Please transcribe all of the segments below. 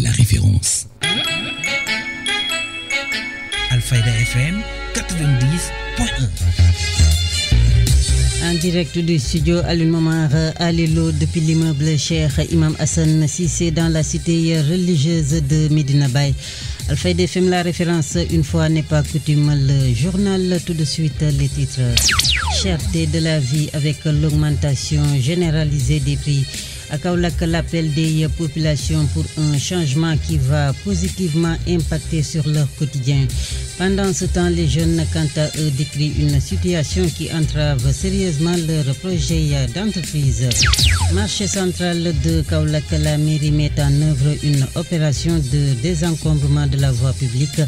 la référence. Alfaïda FM 90.1 En direct du studio Alun Mamar Alilo depuis l'immeuble cher Imam Hassan c'est dans la cité religieuse de Medina Bay. Alfaïda FM, la référence, une fois n'est pas coutume, le journal, tout de suite les titres. Cherté de la vie avec l'augmentation généralisée des prix. À Kaulak, l'appel des populations pour un changement qui va positivement impacter sur leur quotidien. Pendant ce temps, les jeunes, quant à eux, décrivent une situation qui entrave sérieusement leur projet d'entreprise. Marché central de Kaulak, la mairie met en œuvre une opération de désencombrement de la voie publique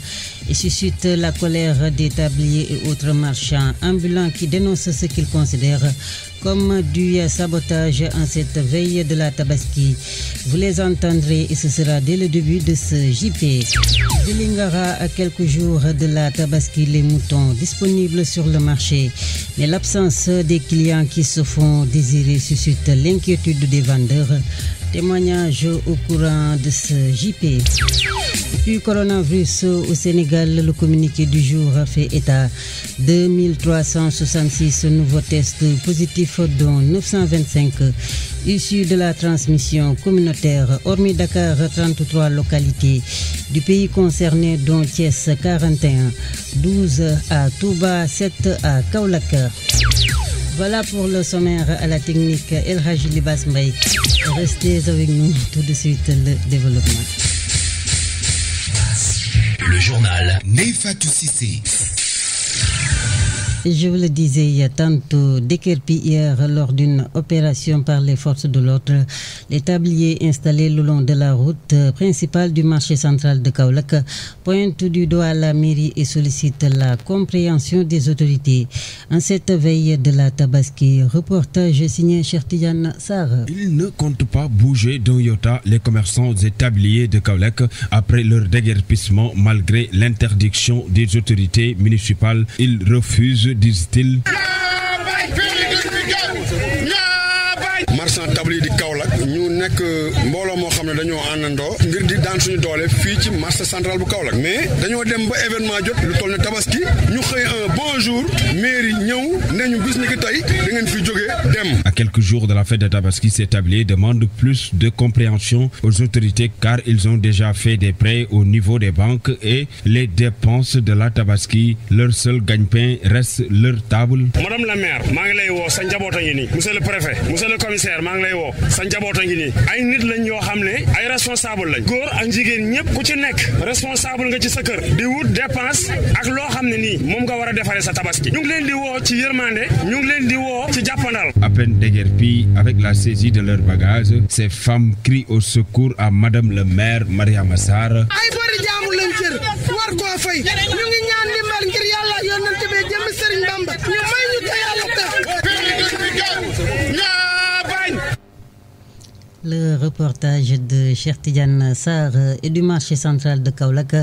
et suscite la colère des tabliers et autres marchands ambulants qui dénoncent ce qu'ils considèrent comme du sabotage en cette veille de la Tabaski. Vous les entendrez et ce sera dès le début de ce JP. De Lingara à quelques jours de la Tabaski, les moutons disponibles sur le marché. Mais l'absence des clients qui se font désirer suscite l'inquiétude des vendeurs Témoignage au courant de ce JP. Du coronavirus au Sénégal, le communiqué du jour a fait état 2366 nouveaux tests positifs, dont 925 issus de la transmission communautaire. Hormis Dakar, 33 localités du pays concerné, dont Thiès 41, 12 à Touba, 7 à Kaulaka. Voilà pour le sommaire à la technique El Haji Libas Mbaye. Restez avec nous tout de suite le développement. Le journal Nefa Sissi. Je vous le disais il y a tantôt, décrépit hier lors d'une opération par les forces de l'ordre les tabliers installés le long de la route euh, principale du marché central de Kaolak pointent du doigt la mairie et sollicitent la compréhension des autorités. En cette veille de la Tabaski, reportage signé Chertian Sar. Ils ne comptent pas bouger d'un iota les commerçants et tabliers de Kaolak après leur déguerpissement malgré l'interdiction des autorités municipales. Ils refusent, disent-ils. Marchand de xam ne dañoo àndandoo ngir di daan suñu doole fii ci marché central bu Kaolack mais dañoo dem ba événement jot lu toll ne tabaski ñu xëy un bon jour mairie ñëw ne ñu bis ni ki tey da ngeen fi jógee dem. À quelques jours de la fête de tabaski ces tabliers demandent plus de compréhension aux autorités car ils ont déjà fait des prêts au niveau des banques et les dépenses de la tabaski leur seul gagne-pain reste leur table. Madame la maire maa ngi lay woo sa njaboot a monsieur le préfet monsieur le commissaire maa ngi lay woo sa njaboot a ay nit lañ yoo xam ne ay responsable lañ góor ak jigéen ñëpp ku ci nekk responsable nga ci sa kër di wut dépense ak loo xam ne nii moom nga war a defaree sa tabaski ñu ngi leen di woo ci yërmande ñu ngi leen di woo ci jàppandal. à peine déguerpie avec la saisie de leur bagages ces femmes crient au secours à madame le maire maria massar ay bari jaamu lañ cër war koo fay ñu ngi ñaan ndimbal ngir yàlla yónnante bi jëm Serigne Bamba ñu may ñu Le reportage de Chertidiane Sar euh, et du marché central de Kaulak.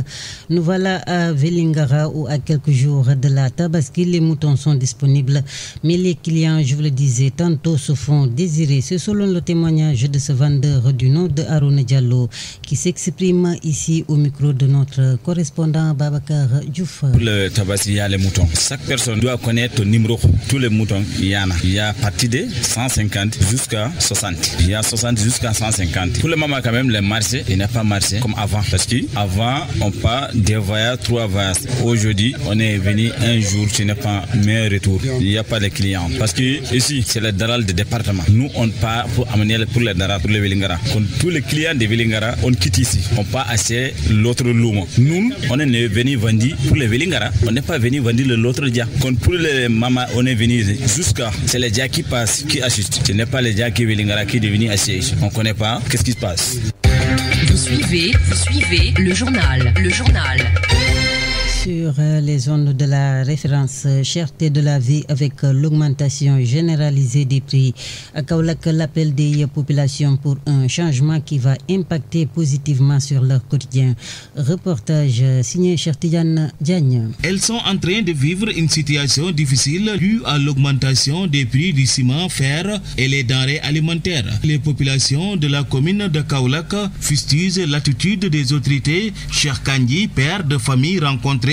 Nous voilà à Velingara où à quelques jours de la tabaski, les moutons sont disponibles. Mais les clients, je vous le disais, tantôt se font désirer. C'est selon le témoignage de ce vendeur du nom de Arun Diallo qui s'exprime ici au micro de notre correspondant Babakar Diouf. Pour le tabaski, il y a les moutons. Chaque personne doit connaître le numéro. Tous les moutons, il y en a. Il y a à partir de 150 jusqu'à 60. Il y a 60 jusqu'à 150. Pour les moment, quand même, les marchés, il n'a pas marché comme avant. Parce qu'avant, on part des voyages, trois voyages. Aujourd'hui, on est venu un jour, ce n'est pas meilleur retour. Il n'y a pas de clients. Parce que ici, c'est le daral de département. Nous, on part pour amener pour les daral, pour les Velingara. Pour tous les clients de Vilingara, on quitte ici. On part assez l'autre loum. Nous, on est venu vendre pour les villingara. On n'est pas venu vendre l'autre dia. Quand pour les mamas, on est venu jusqu'à. C'est les dia qui passent, qui assistent. Ce n'est pas les dia qui Vilingara qui deviennent acheter on ne connaît pas, qu'est-ce qui se passe Vous suivez, vous suivez le journal, le journal sur euh, les zones de la référence euh, cherté de la vie avec euh, l'augmentation généralisée des prix. À Kaolak, l'appel des populations pour un changement qui va impacter positivement sur leur quotidien. Reportage signé Chertiane Diagne. Elles sont en train de vivre une situation difficile due à l'augmentation des prix du ciment, fer et les denrées alimentaires. Les populations de la commune de Kaulak fustigent l'attitude des autorités. Cher Kandji, père de famille rencontré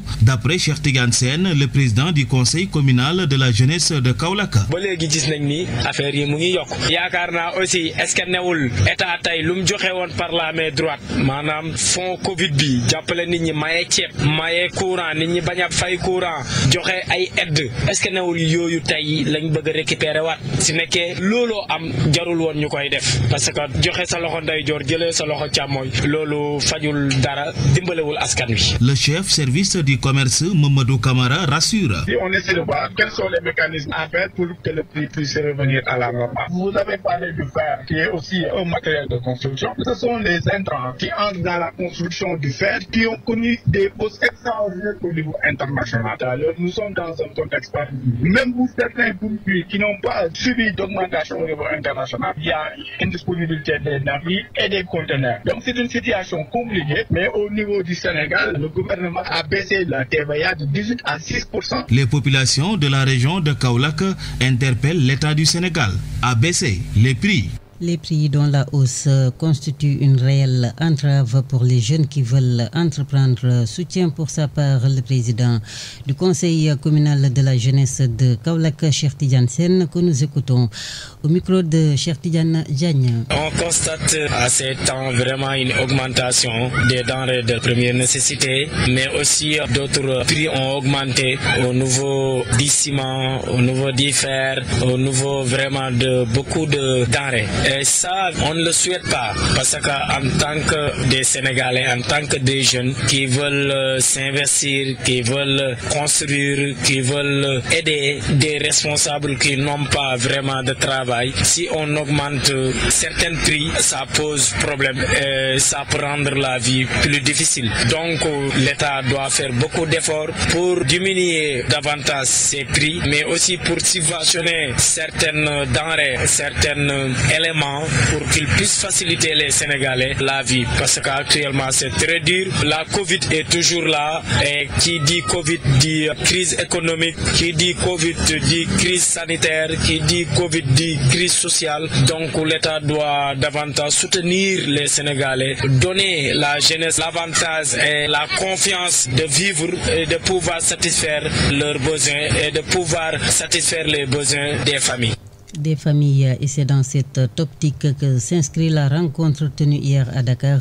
d'après Cheikh Tidiane le président du conseil communal de la jeunesse de Kaolack. ba léegi gis nañ ni affaire yi mu ngi aussi est-ce que état tey par la main droite manam Fon Covid bi jàppale nit ñi maye ceeb maye courant nit ñi bañ fay courant joxe ay aide est-ce que newul lañ bëgg récupérer si am jarul woon ñu def parce que joxe sa loxo ndeyjoor jëlee sa loxo fajul dara dimbalewul askan wi. le chef service du commerce, Mamadou Kamara, rassure. on essaie de voir quels sont les mécanismes à faire pour que le prix puisse revenir à la normale. Vous avez parlé du fer, qui est aussi un matériel de construction. Ce sont les intrants qui entrent dans la construction du fer, qui ont connu des hausses extraordinaires au niveau international. Alors, nous sommes dans un contexte particulier. Même pour certains produits qui n'ont pas subi d'augmentation au niveau international, il y a une disponibilité des navires et des conteneurs. Donc, c'est une situation compliquée, mais au niveau du Sénégal, le gouvernement a baissé la TVA de 18 à 6 Les populations de la région de Kaulak interpellent l'État du Sénégal à baisser les prix les prix dont la hausse constitue une réelle entrave pour les jeunes qui veulent entreprendre Soutien pour sa part le président du conseil communal de la jeunesse de Kaulak, Cherti Sen, que nous écoutons au micro de Cherti Diagne. On constate à ces temps vraiment une augmentation des denrées de première nécessité, mais aussi d'autres prix ont augmenté au niveau du ciment, au niveau du fer, au niveau vraiment de beaucoup de denrées. Et euh, ça, on ne le souhaite pas parce qu'en tant que des Sénégalais, en tant que des jeunes qui veulent euh, s'investir, qui veulent construire, qui veulent aider des responsables qui n'ont pas vraiment de travail, si on augmente certains prix, ça pose problème et euh, ça peut rendre la vie plus difficile. Donc l'État doit faire beaucoup d'efforts pour diminuer davantage ces prix, mais aussi pour subventionner certaines denrées, certains éléments pour qu'ils puissent faciliter les Sénégalais la vie. Parce qu'actuellement, c'est très dur. La Covid est toujours là. Et qui dit Covid dit crise économique. Qui dit Covid dit crise sanitaire. Qui dit Covid dit crise sociale. Donc l'État doit davantage soutenir les Sénégalais, donner la jeunesse l'avantage et la confiance de vivre et de pouvoir satisfaire leurs besoins et de pouvoir satisfaire les besoins des familles des familles. Et c'est dans cette optique que s'inscrit la rencontre tenue hier à Dakar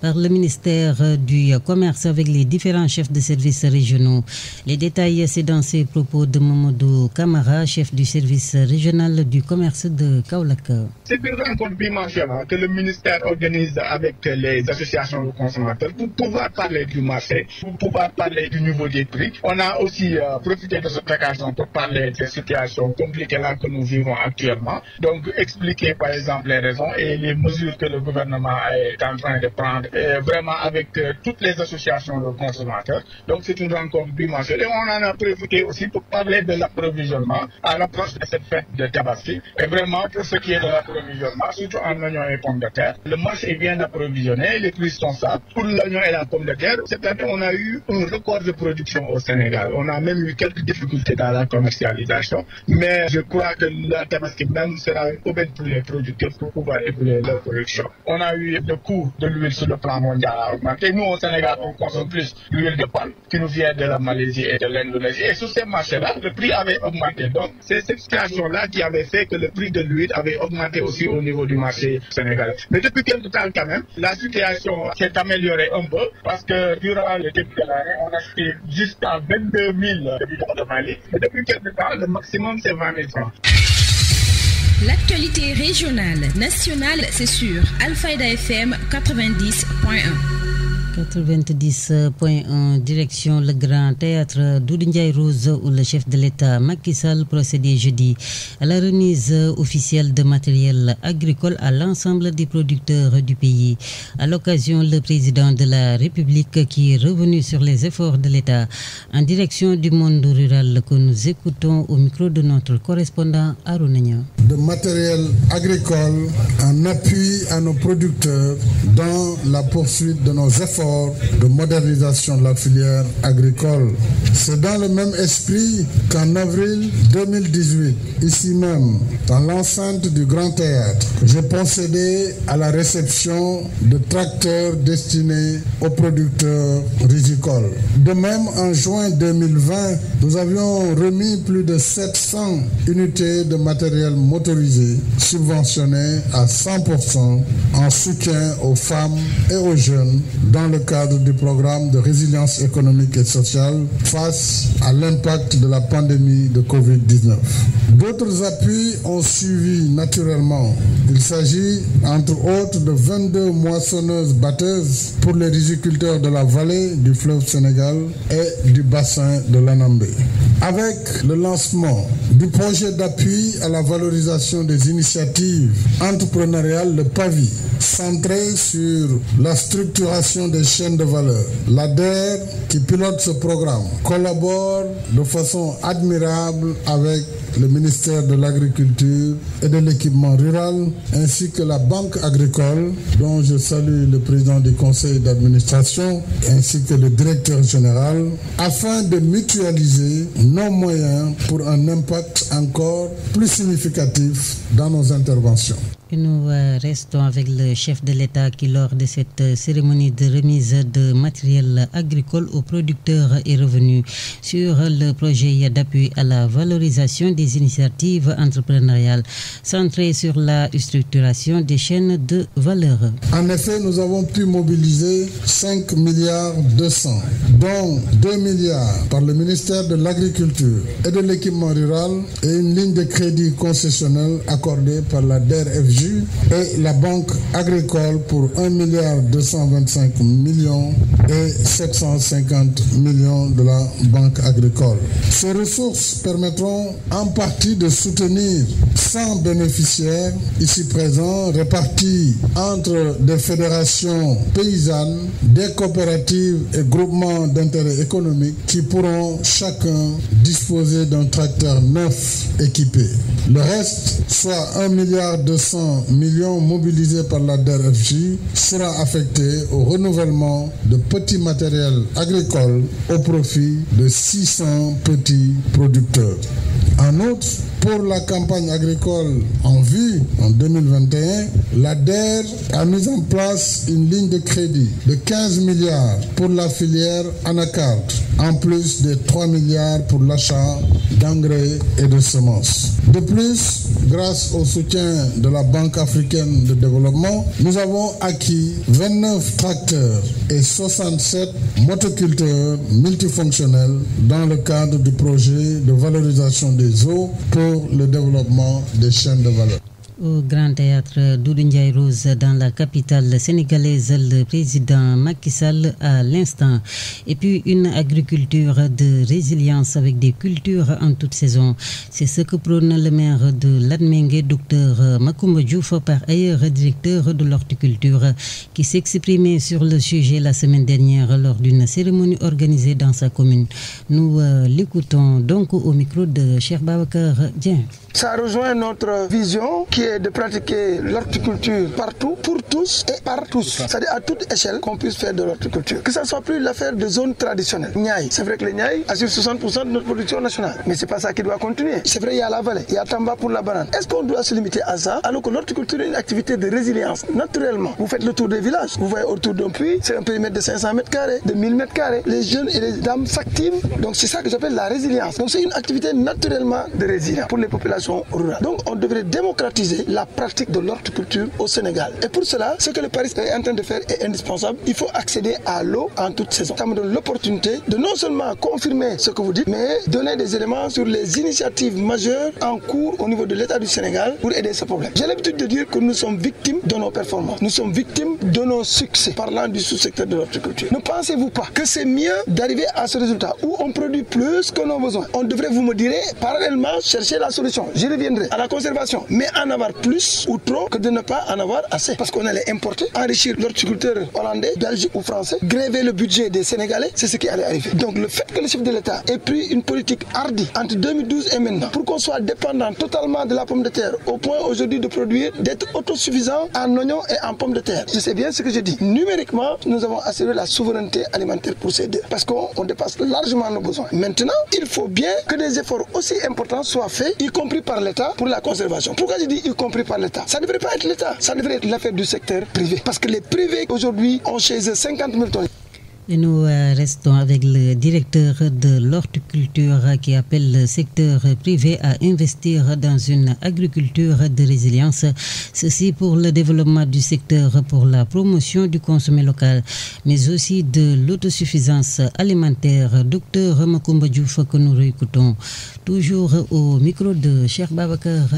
par le ministère du Commerce avec les différents chefs de services régionaux. Les détails, c'est dans ces propos de Momodo Kamara, chef du service régional du commerce de Kaulak. C'est une rencontre bimensionnelle hein, que le ministère organise avec les associations de consommateurs pour pouvoir parler du marché, pour pouvoir parler du niveau des prix. On a aussi euh, profité de cette occasion pour parler des situations compliquées là que nous vivons actuellement. Donc, expliquer par exemple les raisons et les mesures que le gouvernement est en train de prendre, vraiment avec euh, toutes les associations de consommateurs. Donc, c'est une rencontre bimensuelle. Et on en a profité aussi pour parler de l'approvisionnement à l'approche de cette fête de Tabaski. Et vraiment, pour ce qui est de l'approvisionnement, surtout en oignons et pommes de terre, le marché est bien approvisionné, les prix sont ça. Pour l'oignon et la pomme de terre, cette année, on a eu un record de production au Sénégal. On a même eu quelques difficultés dans la commercialisation, mais je crois que la parce que même sera une aubaine pour les producteurs pour pouvoir évoluer leur production. On a eu le coût de l'huile sur le plan mondial à augmenter. Nous, au Sénégal, on consomme plus l'huile de palme qui nous vient de la Malaisie et de l'Indonésie. Et sur ces marchés-là, le prix avait augmenté. Donc, c'est cette situation-là qui avait fait que le prix de l'huile avait augmenté aussi au niveau du marché sénégalais. Mais depuis quelques temps, quand même, la situation s'est améliorée un peu parce que durant le début de l'année, on a acheté jusqu'à 22 000 habitants de Mali. Et depuis quelques temps, le maximum, c'est 20 000 francs. L'actualité régionale, nationale, c'est sur Alpha FM 90.1. 90.1 direction le Grand Théâtre doudinjaï Rose où le chef de l'État Macky Sall procédait jeudi à la remise officielle de matériel agricole à l'ensemble des producteurs du pays. À l'occasion, le président de la République qui est revenu sur les efforts de l'État en direction du monde rural que nous écoutons au micro de notre correspondant Arounagnan. De matériel agricole en appui à nos producteurs dans la poursuite de nos efforts de modernisation de la filière agricole. C'est dans le même esprit qu'en avril 2018, ici même, dans l'enceinte du Grand Théâtre, j'ai procédé à la réception de tracteurs destinés aux producteurs rizicoles. De même, en juin 2020, nous avions remis plus de 700 unités de matériel motorisé subventionné à 100% en soutien aux femmes et aux jeunes dans le cadre du programme de résilience économique et sociale face à l'impact de la pandémie de Covid-19. D'autres appuis ont suivi naturellement. Il s'agit entre autres de 22 moissonneuses batteuses pour les riziculteurs de la vallée du fleuve Sénégal et du bassin de l'Anambé. Avec le lancement du projet d'appui à la valorisation des initiatives entrepreneuriales, le PAVI, centré sur la structuration des chaîne de valeur. L'ADER, qui pilote ce programme, collabore de façon admirable avec le ministère de l'Agriculture et de l'Équipement rural, ainsi que la Banque agricole, dont je salue le président du conseil d'administration, ainsi que le directeur général, afin de mutualiser nos moyens pour un impact encore plus significatif dans nos interventions nous euh, restons avec le chef de l'État qui, lors de cette euh, cérémonie de remise de matériel agricole aux producteurs, est revenu sur le projet d'appui à la valorisation des initiatives entrepreneuriales centrées sur la structuration des chaînes de valeur. En effet, nous avons pu mobiliser 5 milliards 200, dont 2 milliards par le ministère de l'Agriculture et de l'équipement rural et une ligne de crédit concessionnel accordée par la DRFG et la Banque agricole pour 1 milliard millions et 750 millions de la Banque agricole. Ces ressources permettront en partie de soutenir 100 bénéficiaires ici présents répartis entre des fédérations paysannes, des coopératives et groupements d'intérêt économique qui pourront chacun disposer d'un tracteur neuf équipé. Le reste, soit 1,2 milliard millions mobilisés par la DRFJ sera affecté au renouvellement de petits matériels agricoles au profit de 600 petits producteurs. En outre, pour la campagne agricole en vue en 2021, l'ADER a mis en place une ligne de crédit de 15 milliards pour la filière Anacard, en plus de 3 milliards pour l'achat d'engrais et de semences. De plus, grâce au soutien de la Banque africaine de développement, nous avons acquis 29 tracteurs et 67 motoculteurs multifonctionnels dans le cadre du projet de valorisation des pour le développement des chaînes de valeur. Au Grand Théâtre d'Oudunjay Rose dans la capitale sénégalaise, le président Macky Sall à l'instant. Et puis une agriculture de résilience avec des cultures en toute saison. C'est ce que prône le maire de l'Admengue, docteur Makoum Djouf, par ailleurs directeur de l'horticulture, qui s'exprimait sur le sujet la semaine dernière lors d'une cérémonie organisée dans sa commune. Nous euh, l'écoutons donc au micro de Cher Babakar Ça rejoint notre vision qui de pratiquer l'horticulture partout, pour tous et par tous. C'est-à-dire à toute échelle qu'on puisse faire de l'horticulture. Que ça soit plus l'affaire de zones traditionnelles. Niaï, c'est vrai que les Niaï assurent 60% de notre production nationale. Mais c'est pas ça qui doit continuer. C'est vrai, il y a la vallée, il y a Tamba pour la banane. Est-ce qu'on doit se limiter à ça alors que l'horticulture est une activité de résilience Naturellement, vous faites le tour des villages, vous voyez autour d'un puits, c'est un périmètre de 500 mètres carrés, de 1000 mètres carrés. Les jeunes et les dames s'activent. Donc c'est ça que j'appelle la résilience. Donc c'est une activité naturellement de résilience pour les populations rurales. Donc on devrait démocratiser la pratique de l'horticulture au Sénégal. Et pour cela, ce que le Paris est en train de faire est indispensable. Il faut accéder à l'eau en toute saison. Ça me donne l'opportunité de non seulement confirmer ce que vous dites, mais donner des éléments sur les initiatives majeures en cours au niveau de l'État du Sénégal pour aider ce problème. J'ai l'habitude de dire que nous sommes victimes de nos performances. Nous sommes victimes de nos succès, parlant du sous-secteur de l'horticulture. Ne pensez-vous pas que c'est mieux d'arriver à ce résultat où on produit plus que nos besoins On devrait, vous me direz, parallèlement chercher la solution. J'y reviendrai à la conservation, mais en avant plus ou trop que de ne pas en avoir assez. Parce qu'on allait importer, enrichir l'horticulteur hollandais, belge ou français, gréver le budget des Sénégalais, c'est ce qui allait arriver. Donc le fait que le chef de l'État ait pris une politique hardie entre 2012 et maintenant, pour qu'on soit dépendant totalement de la pomme de terre, au point aujourd'hui de produire, d'être autosuffisant en oignons et en pommes de terre. Je sais bien ce que je dis. Numériquement, nous avons assuré la souveraineté alimentaire pour ces deux. Parce qu'on dépasse largement nos besoins. Maintenant, il faut bien que des efforts aussi importants soient faits, y compris par l'État, pour la conservation. Pourquoi je dis y compris par l'État. Ça ne devrait pas être l'État, ça devrait être l'affaire du secteur privé. Parce que les privés aujourd'hui ont chez eux 50 000 tonnes. Et nous euh, restons avec le directeur de l'horticulture qui appelle le secteur privé à investir dans une agriculture de résilience. Ceci pour le développement du secteur, pour la promotion du consommé local, mais aussi de l'autosuffisance alimentaire. Docteur Makumba Diouf, que nous réécoutons toujours au micro de Cher Babakar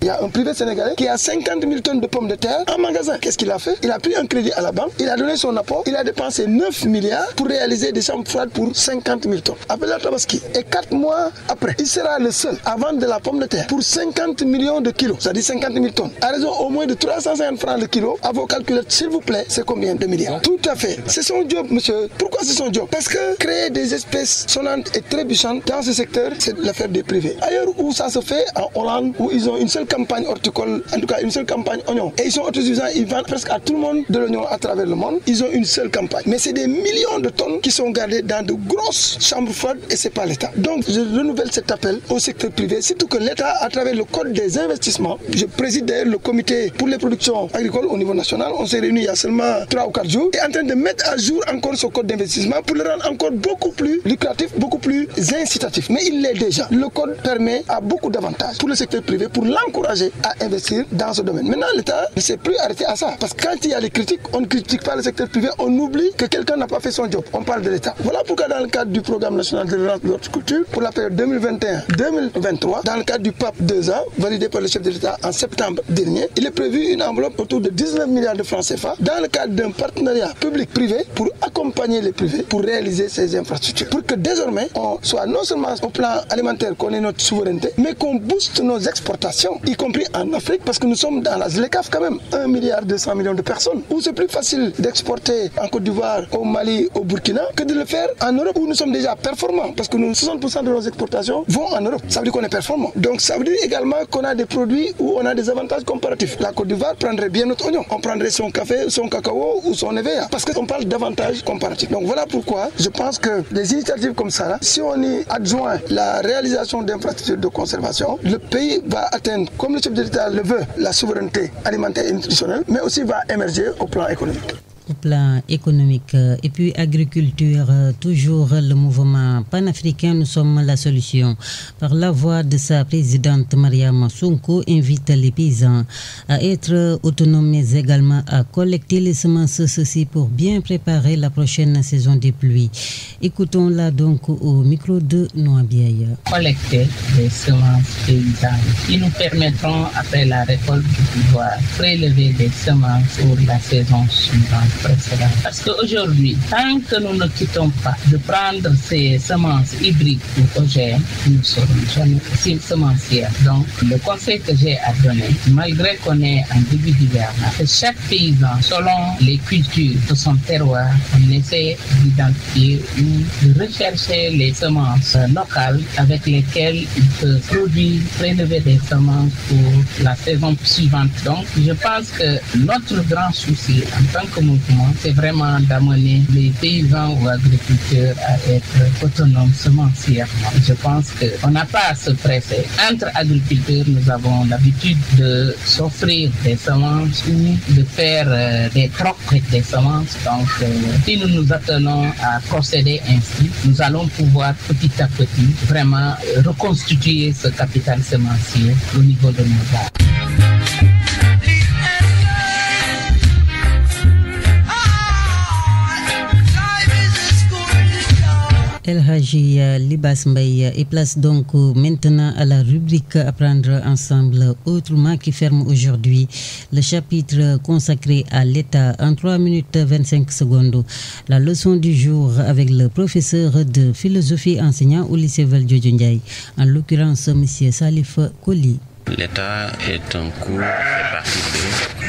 il y a un privé sénégalais qui a 50 000 tonnes de pommes de terre en magasin. Qu'est-ce qu'il a fait Il a pris un crédit à la banque, il a donné son apport, il a dépensé 9 milliards pour réaliser des chambres froides pour 50 000 tonnes. à Tabaski. Et 4 mois après, il sera le seul à vendre de la pomme de terre pour 50 millions de kilos, c'est-à-dire 50 000 tonnes. À raison au moins de 350 francs le kilo. À vos calculettes, s'il vous plaît, c'est combien de milliards Tout à fait. C'est son job, monsieur. Pourquoi c'est son job Parce que créer des espèces sonnantes et trébuchantes dans ce secteur, c'est l'affaire des privés. Ailleurs où ça se fait, en Hollande, où ils ont une seule campagne horticole, en tout cas une seule campagne oignon. Et ils sont autosuffisants, ils vendent presque à tout le monde de l'oignon à travers le monde. Ils ont une seule campagne. Mais c'est des millions de tonnes qui sont gardées dans de grosses chambres froides et c'est pas l'État. Donc je renouvelle cet appel au secteur privé, surtout que l'État, à travers le code des investissements, je préside d'ailleurs le comité pour les productions agricoles au niveau national. On s'est réunis il y a seulement 3 ou 4 jours et en train de mettre à jour encore ce code d'investissement pour le rendre encore beaucoup plus lucratif, beaucoup plus incitatif. Mais il l'est déjà. Le code permet à beaucoup d'avantages pour le secteur privé, pour l'encourager à investir dans ce domaine. Maintenant, l'État ne s'est plus arrêté à ça. Parce que quand il y a des critiques, on ne critique pas le secteur privé, on oublie que quelqu'un n'a pas fait son job. On parle de l'État. Voilà pourquoi dans le cadre du programme national de l'horticulture, pour la période 2021-2023, dans le cadre du PAP 2 ans, validé par le chef de l'État en septembre dernier, il est prévu une enveloppe autour de 19 milliards de francs CFA dans le cadre d'un partenariat public-privé pour accompagner les privés pour réaliser ces infrastructures. Pour que désormais, on soit non seulement au plan alimentaire qu'on ait notre souveraineté, mais qu'on booste nos exportations y compris en Afrique, parce que nous sommes dans la ZLECAF quand même, 1 milliard 200 millions de personnes, où c'est plus facile d'exporter en Côte d'Ivoire, au Mali, au Burkina, que de le faire en Europe, où nous sommes déjà performants, parce que 60% de nos exportations vont en Europe. Ça veut dire qu'on est performant. Donc ça veut dire également qu'on a des produits où on a des avantages comparatifs. La Côte d'Ivoire prendrait bien notre oignon. On prendrait son café, son cacao ou son éveil, parce qu'on parle d'avantages comparatifs. Donc voilà pourquoi je pense que des initiatives comme ça, si on y adjoint la réalisation d'infrastructures de conservation, le pays va atteindre comme le chef de l'État le veut, la souveraineté alimentaire et nutritionnelle, mais aussi va émerger au plan économique plan économique euh, et puis agriculture, euh, toujours le mouvement panafricain, nous sommes la solution. Par la voix de sa présidente Maria Soumko invite les paysans à être autonomes mais également à collecter les semences, ceci pour bien préparer la prochaine saison des pluies. Écoutons-la donc au micro de Noabiaye. Collecter les semences paysannes qui nous permettront après la récolte du pouvoir prélever des semences pour la saison suivante précédent. Parce qu'aujourd'hui, tant que nous ne quittons pas de prendre ces semences hybrides ou OGM, nous ne serons jamais Donc, le conseil que j'ai à donner, malgré qu'on est en début d'hiver, c'est chaque paysan, selon les cultures de son terroir, on essaie d'identifier ou de rechercher les semences euh, locales avec lesquelles il peut produire, prélever des semences pour la saison suivante. Donc, je pense que notre grand souci en tant que mouvement, c'est vraiment d'amener les paysans ou agriculteurs à être autonomes semencièrement. Je pense qu'on n'a pas à se presser. Entre agriculteurs, nous avons l'habitude de s'offrir des semences ou de faire euh, des avec des semences. Donc, euh, si nous nous attenons à procéder ainsi, nous allons pouvoir petit à petit vraiment reconstituer ce capital semencier au niveau de nos barres. El Haji euh, Libas Mbaye euh, et place donc maintenant à la rubrique Apprendre ensemble autrement qui ferme aujourd'hui le chapitre consacré à l'État en 3 minutes 25 secondes. La leçon du jour avec le professeur de philosophie enseignant au lycée Val Valdiodio en l'occurrence M. Salif Koli. L'État est en cours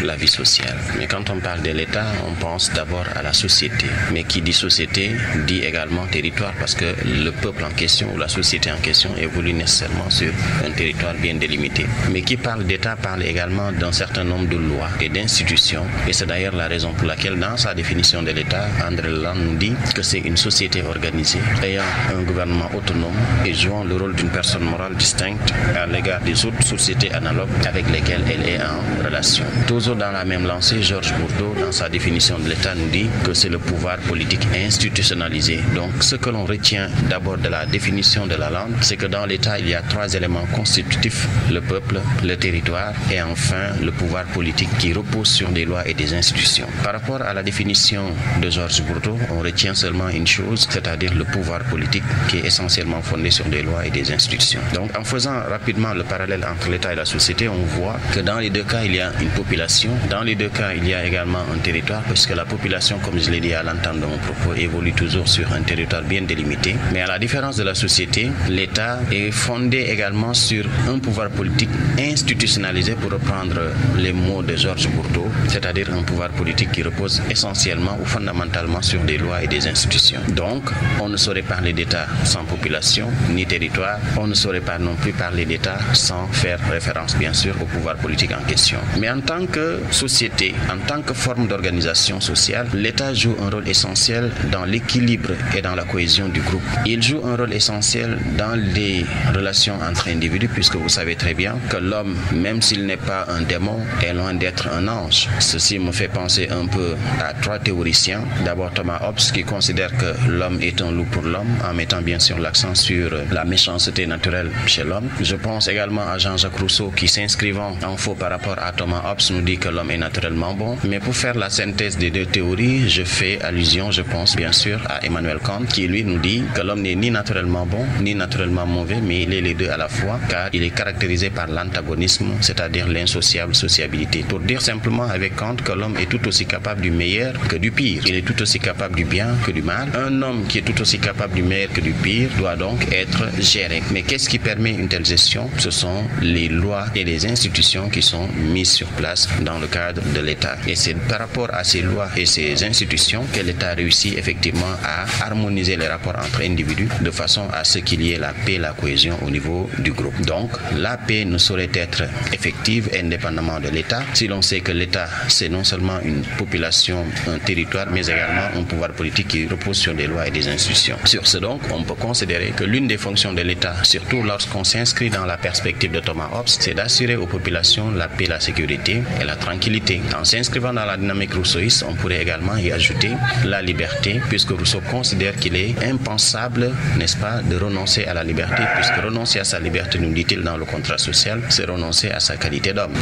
la vie sociale. Mais quand on parle de l'État, on pense d'abord à la société. Mais qui dit société dit également territoire parce que le peuple en question ou la société en question évolue nécessairement sur un territoire bien délimité. Mais qui parle d'État parle également d'un certain nombre de lois et d'institutions. Et c'est d'ailleurs la raison pour laquelle dans sa définition de l'État, André Land nous dit que c'est une société organisée ayant un gouvernement autonome et jouant le rôle d'une personne morale distincte à l'égard des autres sociétés analogues avec lesquelles elle est en relation. Tous dans la même lancée, Georges Bourdeau, dans sa définition de l'État, nous dit que c'est le pouvoir politique institutionnalisé. Donc, ce que l'on retient d'abord de la définition de la langue, c'est que dans l'État, il y a trois éléments constitutifs le peuple, le territoire et enfin le pouvoir politique qui repose sur des lois et des institutions. Par rapport à la définition de Georges Bourdeau, on retient seulement une chose, c'est-à-dire le pouvoir politique qui est essentiellement fondé sur des lois et des institutions. Donc, en faisant rapidement le parallèle entre l'État et la société, on voit que dans les deux cas, il y a une population dans les deux cas, il y a également un territoire, puisque la population, comme je l'ai dit à l'entente de mon propos, évolue toujours sur un territoire bien délimité. Mais à la différence de la société, l'État est fondé également sur un pouvoir politique institutionnalisé, pour reprendre les mots de Georges Bourdeau, c'est-à-dire un pouvoir politique qui repose essentiellement ou fondamentalement sur des lois et des institutions. Donc, on ne saurait parler d'État sans population ni territoire. On ne saurait pas non plus parler d'État sans faire référence, bien sûr, au pouvoir politique en question. Mais en tant que société, en tant que forme d'organisation sociale, l'État joue un rôle essentiel dans l'équilibre et dans la cohésion du groupe. Il joue un rôle essentiel dans les relations entre individus, puisque vous savez très bien que l'homme, même s'il n'est pas un démon, est loin d'être un ange. Ceci me fait penser un peu à trois théoriciens. D'abord Thomas Hobbes, qui considère que l'homme est un loup pour l'homme, en mettant bien sûr l'accent sur la méchanceté naturelle chez l'homme. Je pense également à Jean-Jacques Rousseau, qui s'inscrivant en faux par rapport à Thomas Hobbes, nous dit que l'homme est naturellement bon. Mais pour faire la synthèse des deux théories, je fais allusion, je pense bien sûr, à Emmanuel Kant, qui lui nous dit que l'homme n'est ni naturellement bon, ni naturellement mauvais, mais il est les deux à la fois, car il est caractérisé par l'antagonisme, c'est-à-dire l'insociable sociabilité. Pour dire simplement avec Kant que l'homme est tout aussi capable du meilleur que du pire. Il est tout aussi capable du bien que du mal. Un homme qui est tout aussi capable du meilleur que du pire doit donc être géré. Mais qu'est-ce qui permet une telle gestion Ce sont les lois et les institutions qui sont mises sur place dans le cadre de l'État. Et c'est par rapport à ces lois et ces institutions que l'État réussit effectivement à harmoniser les rapports entre individus de façon à ce qu'il y ait la paix et la cohésion au niveau du groupe. Donc, la paix ne saurait être effective indépendamment de l'État si l'on sait que l'État, c'est non seulement une population, un territoire, mais également un pouvoir politique qui repose sur des lois et des institutions. Sur ce donc, on peut considérer que l'une des fonctions de l'État, surtout lorsqu'on s'inscrit dans la perspective de Thomas Hobbes, c'est d'assurer aux populations la paix, la sécurité et la tranquillité. En s'inscrivant dans la dynamique rousseauiste, on pourrait également y ajouter la liberté, puisque Rousseau considère qu'il est impensable, n'est-ce pas, de renoncer à la liberté, puisque renoncer à sa liberté, nous dit-il dans le contrat social, c'est renoncer à sa qualité d'homme.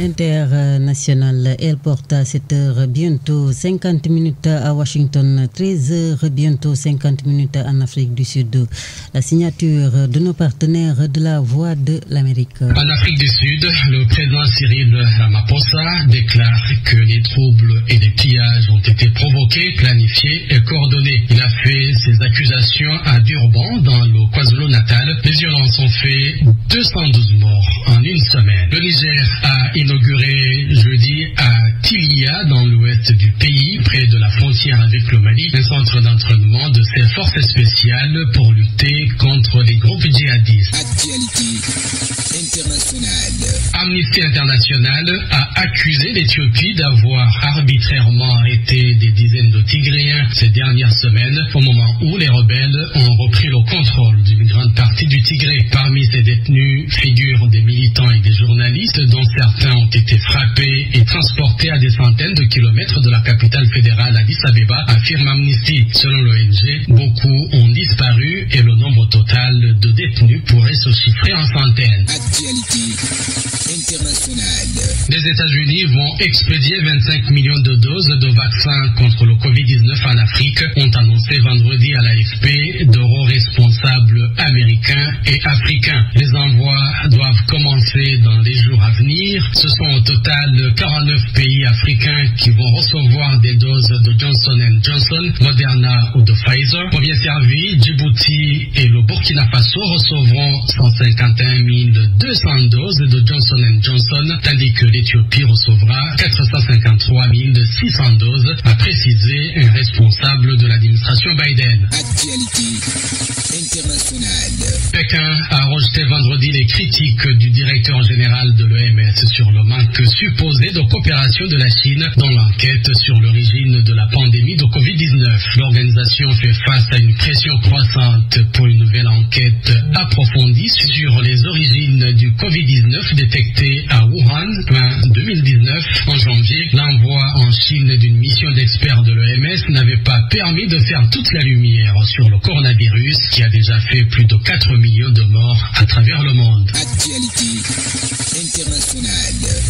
Internationale, elle porte à 7 heures bientôt 50 minutes à Washington, 13 h bientôt 50 minutes en Afrique du Sud. La signature de nos partenaires de la Voix de l'Amérique. En Afrique du Sud, le président Cyril Ramaphosa déclare que les troubles et les pillages ont été provoqués, planifiés et coordonnés. Il a fait ses accusations à Durban, dans le KwaZulu-Natal. Les violences ont fait 212 morts en une semaine. Le Niger a inauguré jeudi à Tilia, dans l'ouest du pays, près de la frontière avec le Mali, un centre d'entraînement de ses forces spéciales pour lutter contre les groupes djihadistes. internationale. Amnesty International a accusé l'Éthiopie d'avoir arbitrairement arrêté des dizaines de Tigréens ces dernières semaines au moment où les rebelles ont repris le contrôle d'une grande partie du Tigré. Parmi ces détenus figurent des militants et des journalistes dont certains ont été frappés et transportés à des centaines de kilomètres de la capitale fédérale Addis Abeba, affirme Amnesty. Selon l'ONG, beaucoup ont disparu et le nombre total de détenus pourrait se chiffrer en centaines. Les États-Unis vont expédier 25 millions de doses de vaccins contre le Covid-19 en Afrique, ont annoncé vendredi à l'AFP d'euros responsables américains et africains. Les envois doivent commencer dans les jours à venir. Ce sont au total 49 pays africains qui vont recevoir des doses de Johnson Johnson, Moderna ou de Pfizer. Premier servi, Djibouti et le Burkina Faso recevront 151 200 doses de Johnson Johnson Johnson, tandis que l'Éthiopie recevra 453 600 doses, a précisé un responsable de l'administration Biden. Actualité internationale. Pékin a rejeté vendredi les critiques du directeur général de l'OMS sur le manque supposé de coopération de la Chine dans l'enquête sur l'origine de la pandémie de Covid-19. L'organisation fait face à une pression croissante pour une nouvelle enquête approfondie sur les origines du Covid-19 détecté à Wuhan fin 2019. En janvier, l'envoi en Chine d'une mission d'experts de l'OMS n'avait pas permis de faire toute la lumière sur le coronavirus qui a déjà fait plus de 4000 millions de morts à travers le monde.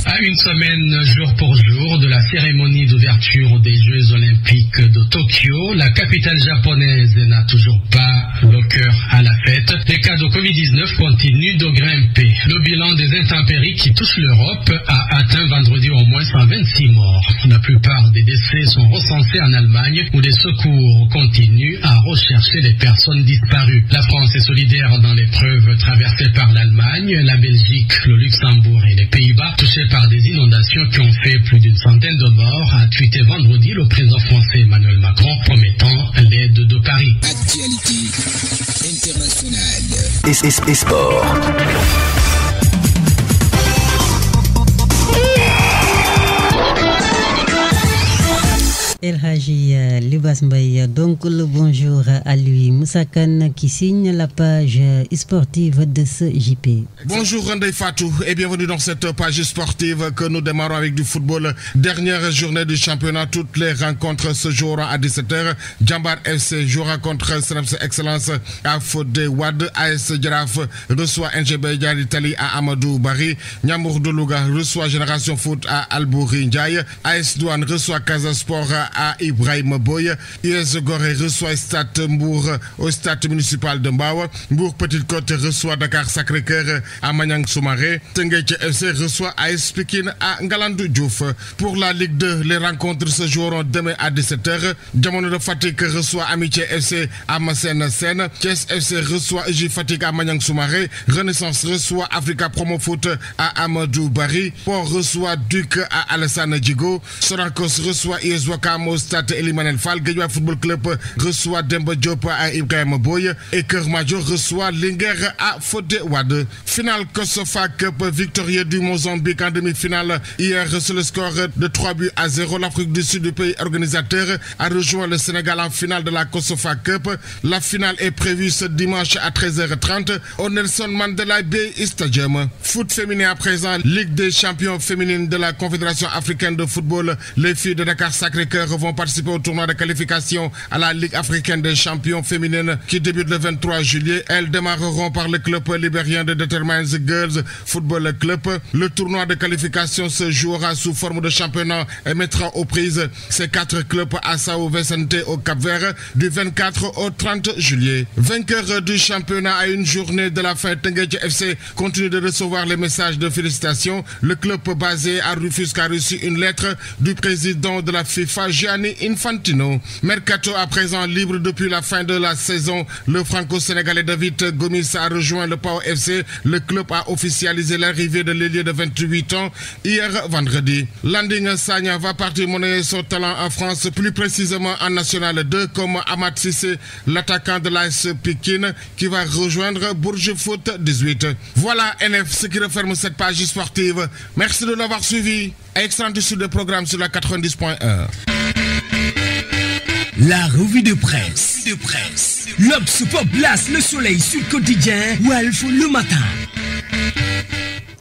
À une semaine jour pour jour de la cérémonie d'ouverture des Jeux olympiques de Tokyo, la capitale japonaise n'a toujours pas le cœur à la fête. Les cas de Covid-19 continuent de grimper. Le bilan des intempéries qui touchent l'Europe a atteint vendredi au moins 126 morts. La plupart des décès sont recensés en Allemagne où des secours continuent à rechercher les personnes disparues. La France est solidaire dans l'épreuve traversée par l'Allemagne, la Belgique, le Luxembourg et les Pays-Bas, touchés par des inondations qui ont fait plus d'une centaine de morts, a tweeté vendredi le président français Emmanuel Macron promettant l'aide de Paris. Actualité Euh, donc, le bonjour à lui, Moussa qui signe la page sportive de ce JP. Bonjour Randai Fatou et bienvenue dans cette page sportive que nous démarrons avec du football. Dernière journée du championnat, toutes les rencontres se jour à 17h. Jambar FC jouera contre Snaps Excellence à de Wad. AS Giraffe reçoit NGB d'Italie à Amadou Bari. Nyamour reçoit Génération Foot à Albouri Ndiaye. AS Douane reçoit Casasport à Ibrahim Boye, US Gorée reçoit Stade Mbour au stade municipal de Mbawa. Mbour Petite Côte reçoit Dakar Sacré-Cœur à Magnang Soumaré. Tengeche FC reçoit AS Pekin à Ngalandou Diouf. Pour la Ligue 2, les rencontres se joueront demain à 17h. Diamond de Fatik reçoit Amitié FC à Massène Seine. Thiès FC reçoit EG Fatigue à Magnang Soumaré. Renaissance reçoit Africa Promo Foot à Amadou Bari. Port reçoit Duc à Alassane Djigo. Sorakos reçoit Iezouakam au stade Elimanel Fall, Football Club reçoit Demba Diop à Ibrahim Boy et Cœur Major reçoit Linger à Fodé Wade. Finale Kosofa Cup victorieux du Mozambique en demi-finale hier sur le score de 3 buts à 0. L'Afrique du Sud, du pays organisateur, a rejoint le Sénégal en finale de la Kosofa Cup. La finale est prévue ce dimanche à 13h30 au Nelson Mandela Bay Stadium. Foot féminin à présent, Ligue des champions féminines de la Confédération africaine de football. Les filles de Dakar Sacré-Cœur vont partir participer au tournoi de qualification à la Ligue africaine des champions féminines qui débute le 23 juillet. Elles démarreront par le club libérien de Determines Girls Football Club. Le tournoi de qualification se jouera sous forme de championnat et mettra aux prises ces quatre clubs à Sao Vicente au Cap-Vert du 24 au 30 juillet. Vainqueur du championnat à une journée de la fin, Tenguech FC continue de recevoir les messages de félicitations. Le club basé à Rufus a reçu une lettre du président de la FIFA, Gianni Infantino. Mercato à présent libre depuis la fin de la saison. Le franco-sénégalais David Gomis a rejoint le PAO FC. Le club a officialisé l'arrivée de l'ailier de 28 ans hier vendredi. Landing Sagna va partir monnayer son talent en France, plus précisément en National 2 comme Amat Sissé, l'attaquant de l'AS Pekin qui va rejoindre Bourges Foot 18. Voilà NF ce qui referme cette page sportive. Merci de l'avoir suivi. Excellent dessus de programme sur la 90.1. La revue de presse. De presse. L'Obs Pop Blast, Le Soleil sur le quotidien. Welf le matin.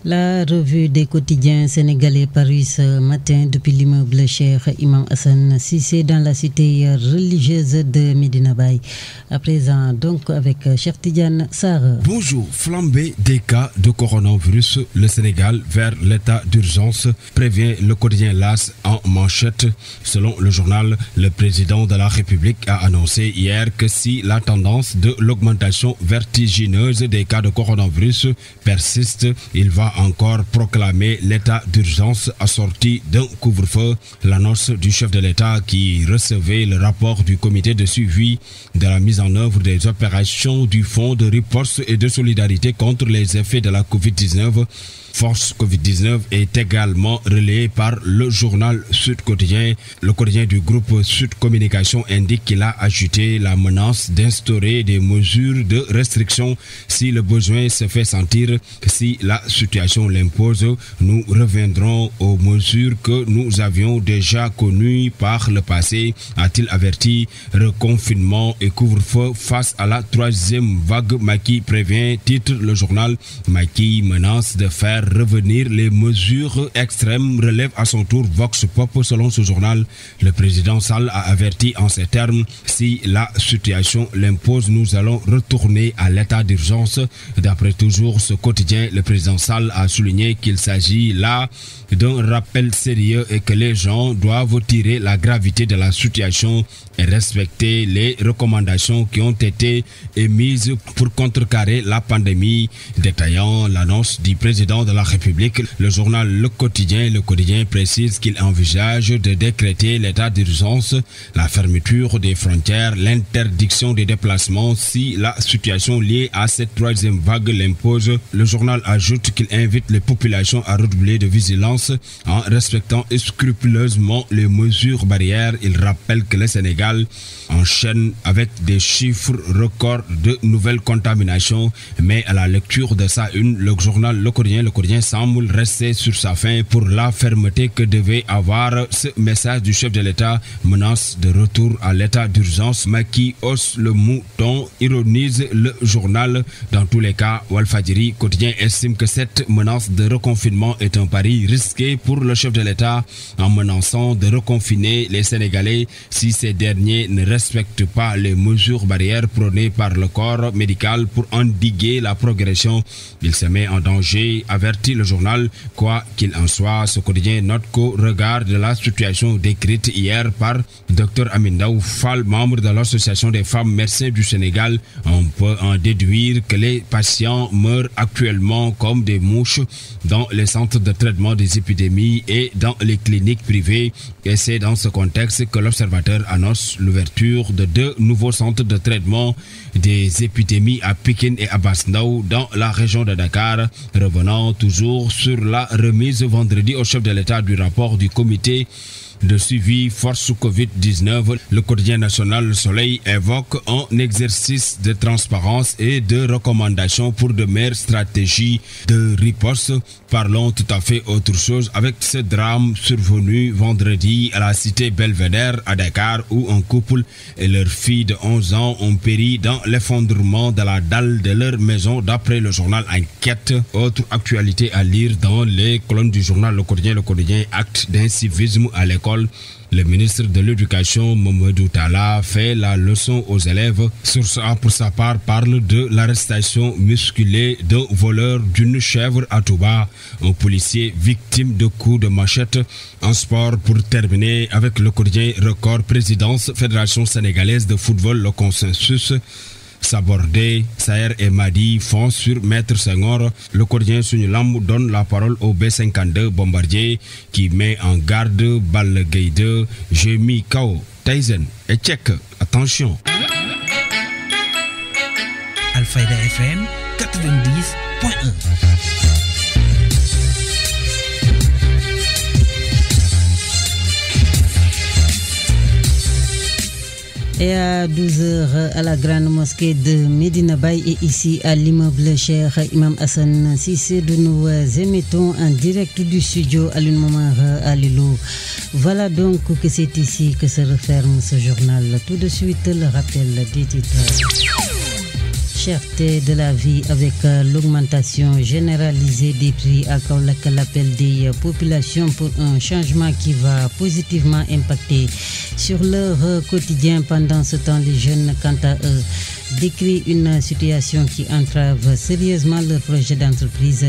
La revue des quotidiens sénégalais parue ce matin depuis l'immeuble cher Imam Hassan Sissé dans la cité religieuse de Medina Bay. À présent, donc, avec euh, Chef Tidiane Sarr. Bonjour. Flambée des cas de coronavirus, le Sénégal vers l'état d'urgence, prévient le quotidien LAS en manchette. Selon le journal, le président de la République a annoncé hier que si la tendance de l'augmentation vertigineuse des cas de coronavirus persiste, il va encore proclamé l'état d'urgence assorti d'un couvre-feu. L'annonce du chef de l'État qui recevait le rapport du comité de suivi de la mise en œuvre des opérations du Fonds de riposte et de solidarité contre les effets de la COVID-19 force Covid-19 est également relayé par le journal Sud Quotidien. Le quotidien du groupe Sud Communication indique qu'il a ajouté la menace d'instaurer des mesures de restriction si le besoin se fait sentir, si la situation l'impose. Nous reviendrons aux mesures que nous avions déjà connues par le passé, a-t-il averti. Reconfinement et couvre-feu face à la troisième vague. Maki prévient, titre le journal. Maki menace de faire revenir les mesures extrêmes, relèvent à son tour Vox Pop. Selon ce journal, le président Sall a averti en ces termes, si la situation l'impose, nous allons retourner à l'état d'urgence. D'après toujours ce quotidien, le président Sall a souligné qu'il s'agit là d'un rappel sérieux et que les gens doivent tirer la gravité de la situation et respecter les recommandations qui ont été émises pour contrecarrer la pandémie, détaillant l'annonce du président de la République. Le journal Le Quotidien, Le Quotidien précise qu'il envisage de décréter l'état d'urgence, la fermeture des frontières, l'interdiction des déplacements si la situation liée à cette troisième vague l'impose. Le journal ajoute qu'il invite les populations à redoubler de vigilance en respectant scrupuleusement les mesures barrières. Il rappelle que le Sénégal enchaîne avec des chiffres records de nouvelles contaminations, mais à la lecture de sa une, le journal Le Quotidien, Le Quotidien Quotidien semble rester sur sa fin pour la fermeté que devait avoir ce message du chef de l'État, menace de retour à l'état d'urgence, mais qui hausse le mouton, ironise le journal. Dans tous les cas, Walfadiri quotidien estime que cette menace de reconfinement est un pari risqué pour le chef de l'État en menaçant de reconfiner les Sénégalais si ces derniers ne respectent pas les mesures barrières prônées par le corps médical pour endiguer la progression. Il se met en danger avec le journal. Quoi qu'il en soit, ce quotidien note qu'au regard de la situation décrite hier par Dr Amindaou Fall, membre de l'Association des femmes merci du Sénégal, on peut en déduire que les patients meurent actuellement comme des mouches dans les centres de traitement des épidémies et dans les cliniques privées et c'est dans ce contexte que l'Observateur annonce l'ouverture de deux nouveaux centres de traitement des épidémies à Pékin et à Basnaou dans la région de Dakar. Revenant toujours sur la remise vendredi au chef de l'État du rapport du comité de suivi force Covid-19, le quotidien national Le Soleil évoque un exercice de transparence et de recommandations pour de meilleures stratégies de riposte. Parlons tout à fait autre chose avec ce drame survenu vendredi à la cité Belvedere à Dakar où un couple et leur fille de 11 ans ont péri dans l'effondrement de la dalle de leur maison d'après le journal Enquête. Autre actualité à lire dans les colonnes du journal Le Quotidien, Le Quotidien, acte d'incivisme à l'école le ministre de l'Éducation, Mamadou Tala, fait la leçon aux élèves. Sur ce, pour sa part, parle de l'arrestation musculée d'un voleur d'une chèvre à Touba, un policier victime de coups de machette. En sport, pour terminer avec le courrier record présidence Fédération sénégalaise de football, le consensus. Sabordé, Saher et Madi font sur Maître Senghor. Le quotidien Sunilam donne la parole au B-52 bombardier qui met en garde J'ai Jemi Kao, Tyson et Tchèque. Attention. Alpha FM 90.1 Et à 12h à la grande mosquée de Medina Bay et ici à l'immeuble cher Imam Hassan Sissé de nous émettons un direct du studio à moment à Lilo. Voilà donc que c'est ici que se referme ce journal. Tout de suite le rappel des titres cherté de la vie avec euh, l'augmentation généralisée des prix à de l'appel des euh, populations pour un changement qui va positivement impacter sur leur euh, quotidien pendant ce temps les jeunes quant à eux décrit une situation qui entrave sérieusement le projet d'entreprise.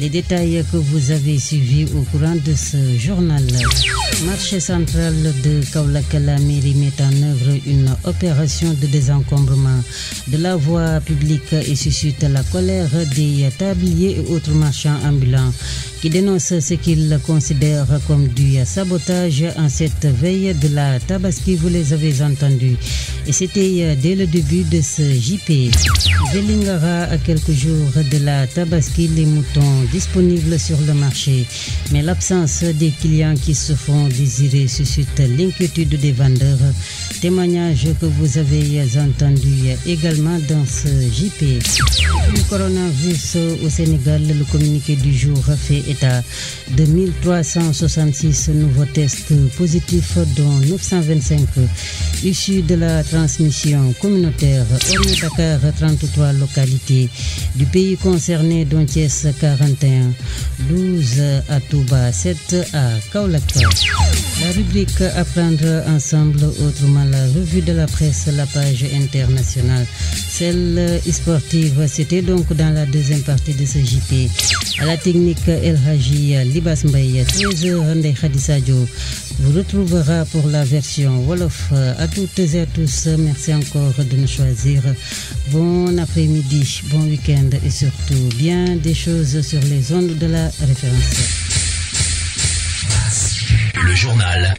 Les détails que vous avez suivis au courant de ce journal. Marché central de Kaulakala, met en œuvre une opération de désencombrement de la voie publique et suscite la colère des tabliers et autres marchands ambulants qui dénoncent ce qu'ils considèrent comme du sabotage en cette veille de la Tabaski. Vous les avez entendus. Et c'était euh, dès le début de ce JP. Vélingara, a quelques jours de la tabaski, des moutons disponibles sur le marché. Mais l'absence des clients qui se font désirer suscite l'inquiétude des vendeurs. Témoignage que vous avez entendu également dans ce JP. Le coronavirus au Sénégal, le communiqué du jour fait état de 1366 nouveaux tests positifs, dont 925 issus de la transmission communautaire. Dakar, 33 localités du pays concerné, dont Thiès 41, 12 à Touba, 7 à Kaolak. La rubrique Apprendre ensemble, autrement la revue de la presse, la page internationale, celle sportive, c'était donc dans la deuxième partie de ce JT. À la technique El Haji Libas Mbaye, 13 Rende vous retrouvera pour la version Wolof. À toutes et à tous, merci encore de nous choisir Bon après-midi, bon week-end et surtout bien des choses sur les ondes de la référence. Le journal